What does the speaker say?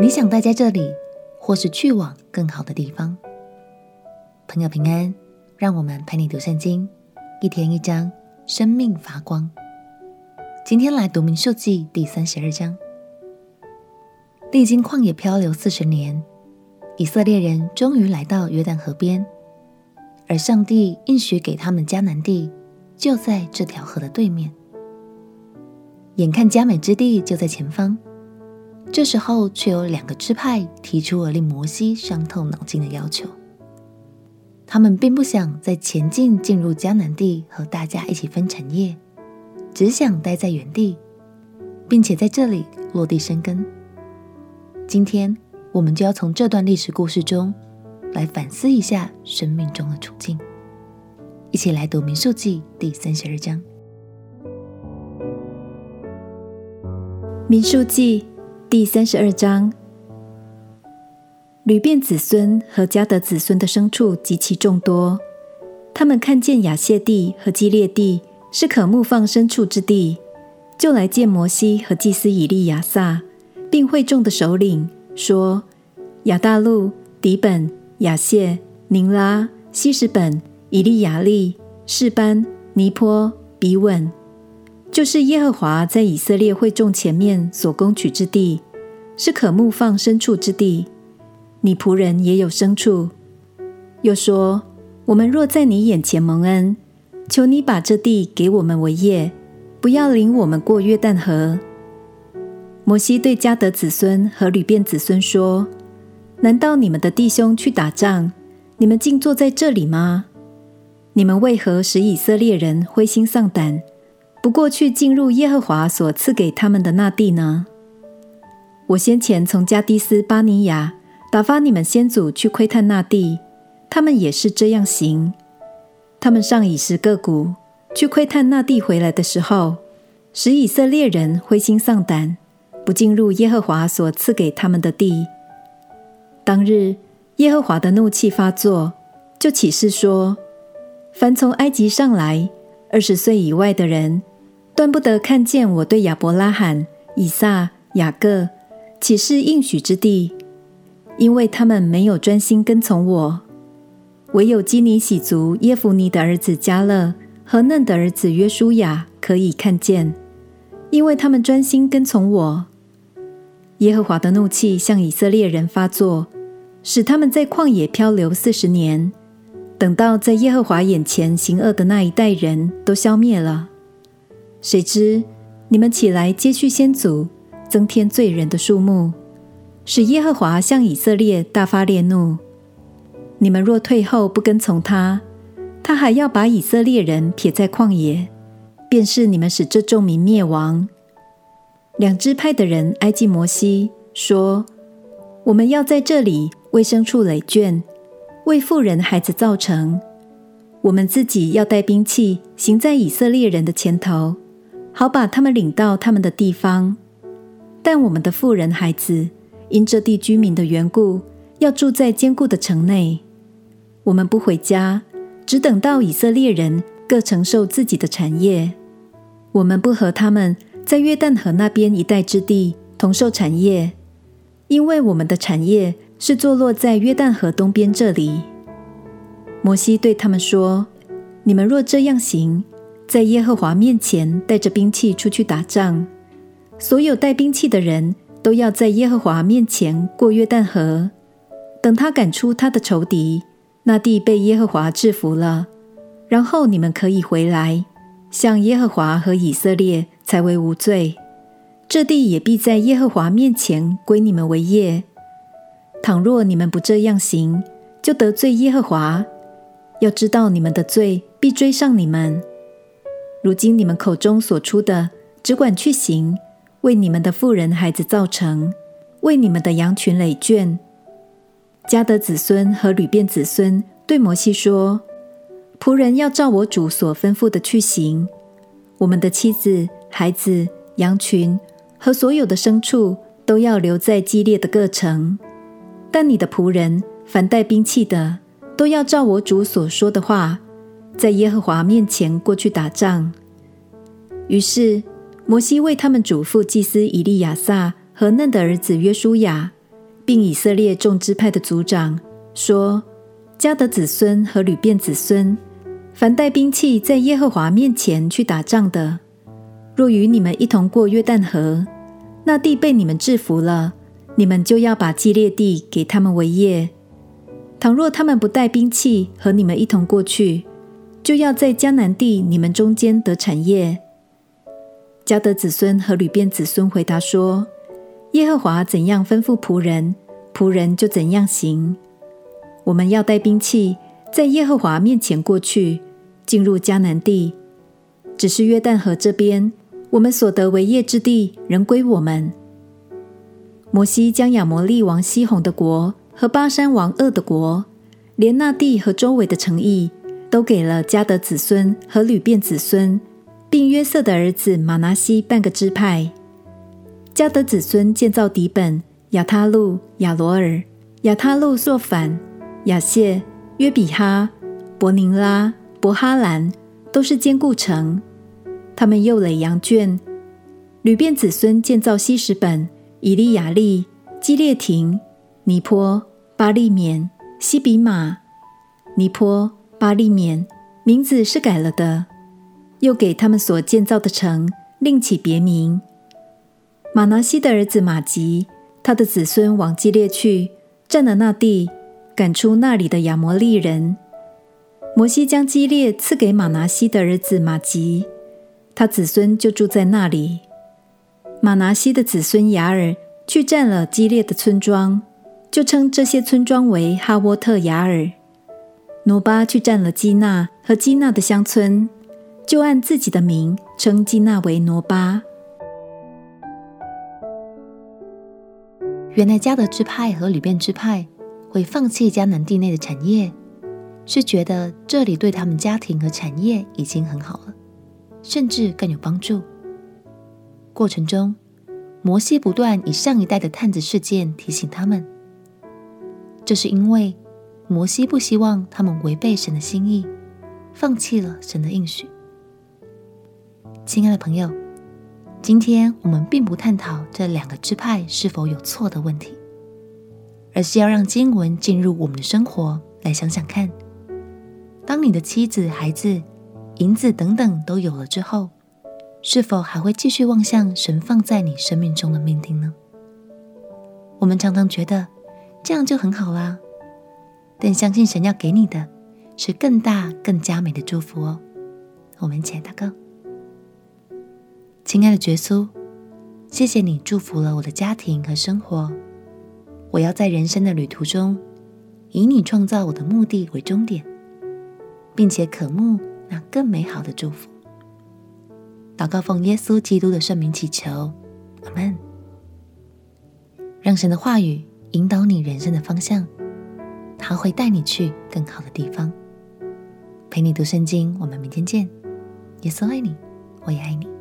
你想待在這裡，或是去往更好的地方？朋友平安，讓我們陪你讀聖經，一天一章，生命發光。今天來讀《民數記》第三十二章。歷經曠野漂流四十年，以色列人終於來到約旦河邊，而上帝應許給他們迦南地，就在這條河的對面。眼看佳美之地就在前方。這時候，卻有兩個支派提出了令摩西傷透腦筋的要求。他們並不想再前進進入迦南地和大家一起分產業，只想待在原地，並且在這裡落地生根。今天我們就要從這段歷史故事中來反思一下生命中的處境。一起來讀《民數記》第三十二章，民《民數記》。第三十二章，流便子孫和迦得子孫的牲畜極其眾多。他們看見雅謝地和基列地是可牧放牲畜之地，就來見摩西和祭司以利亞撒，並會眾的首領，說：亞大錄、底本、雅謝、寧拉、希實本、以利亞利、示班、尼波、比穩。」就是耶和華在以色列會眾前面所攻取之地，是可牧放牲畜之地。你僕人也有牲畜。又說：我們若在你眼前蒙恩，求你把這地給我們為業，不要領我們過約旦河。摩西對迦得子孫和呂便子孫說：難道你們的弟兄去打仗，你們竟坐在這裡嗎？你們為何使以色列人灰心喪膽？不過去進入耶和華所賜給他們的那地呢？我先前從加低斯巴尼亞打發你們先祖去窺探那地，他們也是這樣行。他們上以實各谷去窺探那地，回來的時候使以色列人灰心喪膽，不進入耶和華所賜給他們的地。當日耶和華的怒氣發作，就起誓說：凡從埃及上來二十歲以外的人。斷不得看見我對亞伯拉罕、以撒、雅各起誓應許之地，因為他們沒有專心跟從我。唯有基尼洗族耶孚尼的兒子迦勒和嫩的兒子約書亞可以看見，因為他們專心跟從我。耶和華的怒氣向以色列人發作，使他們在曠野漂流四十年，等到在耶和華眼前行惡的那一代人都消滅了。誰知你們起來接續先祖，增添罪人的數目，使耶和華向以色列大發烈怒。你們若退後不跟從他，他還要把以色列人撇在曠野，便是你們使這眾民滅亡。兩支派的人挨近摩西，說：“我們要在這裡為牲畜壘圈，為婦人孩子造城，我們自己要帶兵器，行在以色列人的前頭。”好把他們領到他們的地方，但我們的婦人孩子因這地居民的緣故，要住在堅固的城內。我們不回家，只等到以色列人各承受自己的產業。我們不和他們在約旦河那邊一帶之地同受產業，因為我們的產業是坐落在約旦河東邊這裡。摩西對他們說：“你們若這樣行，”在耶和華面前帶着兵器出去打仗，所有帶兵器的人都要在耶和華面前過約旦河，等他趕出他的仇敵，那地被耶和華制服了。然後你們可以回來，向耶和華和以色列才為無罪。這地也必在耶和華面前歸你們為業。倘若你們不這樣行，就得罪耶和華。要知道你們的罪必追上你們。如今你們口中所出的，只管去行，為你們的婦人孩子造城，為你們的羊群壘圈。迦得子孫和流便子孫對摩西說：“僕人要照我主所吩咐的去行，我們的妻子、孩子、羊群和所有的牲畜都要留在基列的各城。但你的僕人凡帶兵器的，都要照我主所說的話。”在耶和華面前過去打仗。於是摩西為他們囑咐祭司以利亞撒和嫩的兒子約書亞，並以色列眾支派的族長說：“迦得子孫和旅便子孫，凡帶兵器在耶和華面前去打仗的，若與你們一同過約旦河，那地被你們制服了，你們就要把基列地給他們為業。倘若他們不帶兵器和你們一同過去，就要在迦南地你們中間得產業。迦得子孫和流便子孫回答說：“耶和華怎樣吩咐僕人，僕人就怎樣行。我們要帶兵器，在耶和華面前過去，進入迦南地。只是約旦河這邊，我們所得為業之地仍歸我們。”摩西將亞摩利王西宏的國和巴珊王噩的國，連那地和周圍的城邑，都給了迦得子孫和呂便子孫，並約瑟的兒子馬拿西半個支派。迦得子孫建造底本、亞他路、亞羅爾、亞他路朔反、雅謝、約比哈、伯寧拉、伯哈蘭，都是堅固城。他們又壘羊圈。呂便子孫建造西什本、以利亞利、基列亭、尼坡、巴利綿、西比馬、尼坡。巴力免名字是改了的，又給他們所建造的城另起別名。馬拿西的兒子馬吉，他的子孫往基列去，占了那地，趕出那裡的亞摩利人。摩西將基列賜給馬拿西的兒子馬吉，他子孫就住在那裡。馬拿西的子孫雅爾去占了基列的村莊，就稱這些村莊為哈沃特雅爾。挪巴去佔了基納和基納的鄉村，就按自己的名稱基納為挪巴。原來迦得支派和流便支派會放棄迦南地內的產業，是覺得這裡對他們家庭和產業已經很好了，甚至更有幫助。過程中，摩西不斷以上一代的探子事件提醒他們，這是因為，摩西不希望他們違背神的心意，放棄了神的應許。親愛的朋友，今天我們並不探討這兩個支派是否有錯的問題，而是要讓經文進入我們的生活，來想想看：當你的妻子、孩子、銀子等等都有了之後，是否還會繼續望向神放在你生命中的命定呢？我們常常覺得這樣就很好啦。但相信神要給你的，是更大、更加美的祝福哦。我們一起來禱告。親愛的耶穌，謝謝你祝福了我的家庭和生活。我要在人生的旅途中，以你創造我的目的為終點，並且渴慕那更美好的祝福。禱告奉耶穌基督的聖名祈求，阿門。讓神的話語引導你人生的方向。他會帶你去更好的地方，陪你讀聖經。我們明天見，耶穌愛你，我也愛你。